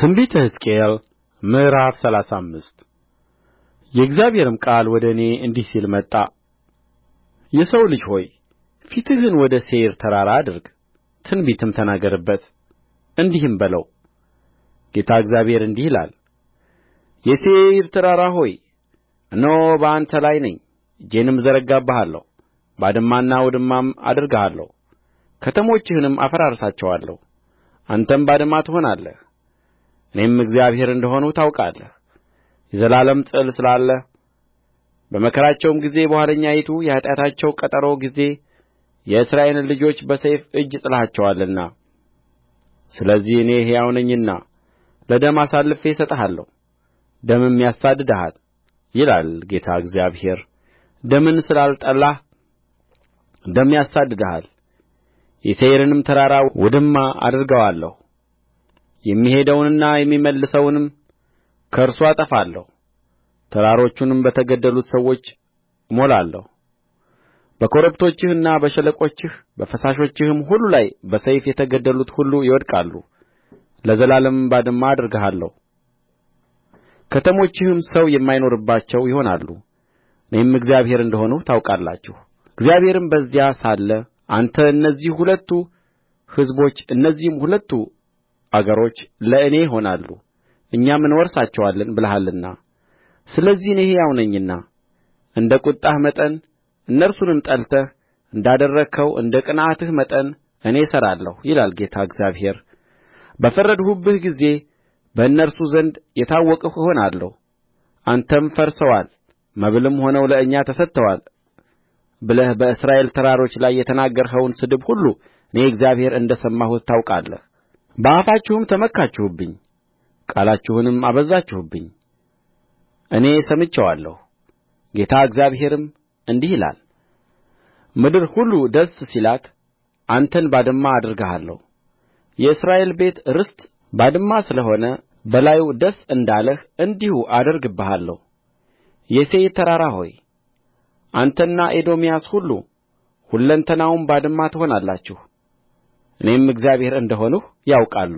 ትንቢተ ሕዝቅኤል ምዕራፍ ሰላሳ አምስት የእግዚአብሔርም ቃል ወደ እኔ እንዲህ ሲል መጣ የሰው ልጅ ሆይ ፊትህን ወደ ሴይር ተራራ አድርግ ትንቢትም ተናገርበት እንዲህም በለው ጌታ እግዚአብሔር እንዲህ ይላል የሴይር ተራራ ሆይ እነሆ በአንተ ላይ ነኝ እጄንም እዘረጋብሃለሁ ባድማና ውድማም አደርግሃለሁ ከተሞችህንም አፈራርሳቸዋለሁ አንተም ባድማ ትሆናለህ እኔም እግዚአብሔር እንደ ሆንሁ ታውቃለህ የዘላለም ጥል ስላለ በመከራቸውም ጊዜ በኋለኛይቱ የኃጢአታቸው ቀጠሮ ጊዜ የእስራኤልን ልጆች በሰይፍ እጅ ጥለሃቸዋልና ስለዚህ እኔ ሕያው ነኝና ለደም አሳልፌ እሰጥሃለሁ ደምም ያሳድድሃል ይላል ጌታ እግዚአብሔር ደምን ስላልጠላህ ደም ያሳድድሃል የሴይርንም ተራራ ውድማ አደርገዋለሁ የሚሄደውንና የሚመለሰውንም ከእርሱ አጠፋለሁ ተራሮቹንም በተገደሉት ሰዎች እሞላለሁ በኮረብቶችህና በሸለቆችህ በፈሳሾችህም ሁሉ ላይ በሰይፍ የተገደሉት ሁሉ ይወድቃሉ ለዘላለምም ባድማ አደርግሃለሁ ከተሞችህም ሰው የማይኖርባቸው ይሆናሉ እኔም እግዚአብሔር እንደ ሆንሁ ታውቃላችሁ እግዚአብሔርም በዚያ ሳለ አንተ እነዚህ ሁለቱ ሕዝቦች እነዚህም ሁለቱ አገሮች ለእኔ ይሆናሉ እኛም እንወርሳቸዋለን ብለሃልና ስለዚህ እኔ ሕያው ነኝና እንደ ቍጣህ መጠን እነርሱንም ጠልተህ እንዳደረግኸው እንደ ቅንዓትህ መጠን እኔ እሠራለሁ ይላል ጌታ እግዚአብሔር በፈረድሁብህ ጊዜ በእነርሱ ዘንድ የታወቅሁ እሆናለሁ አንተም ፈርሰዋል መብልም ሆነው ለእኛ ተሰጥተዋል ብለህ በእስራኤል ተራሮች ላይ የተናገርኸውን ስድብ ሁሉ እኔ እግዚአብሔር እንደ ሰማሁት ታውቃለህ በአፋችሁም ተመካችሁብኝ ቃላችሁንም አበዛችሁብኝ እኔ ሰምቼዋለሁ ጌታ እግዚአብሔርም እንዲህ ይላል ምድር ሁሉ ደስ ሲላት አንተን ባድማ አደርግሃለሁ የእስራኤል ቤት ርስት ባድማ ስለ ሆነ በላዩ ደስ እንዳለህ እንዲሁ አደርግብሃለሁ የሴይር ተራራ ሆይ አንተና ኤዶምያስ ሁሉ ሁለንተናውም ባድማ ትሆናላችሁ እኔም እግዚአብሔር እንደ ሆንሁ ያውቃሉ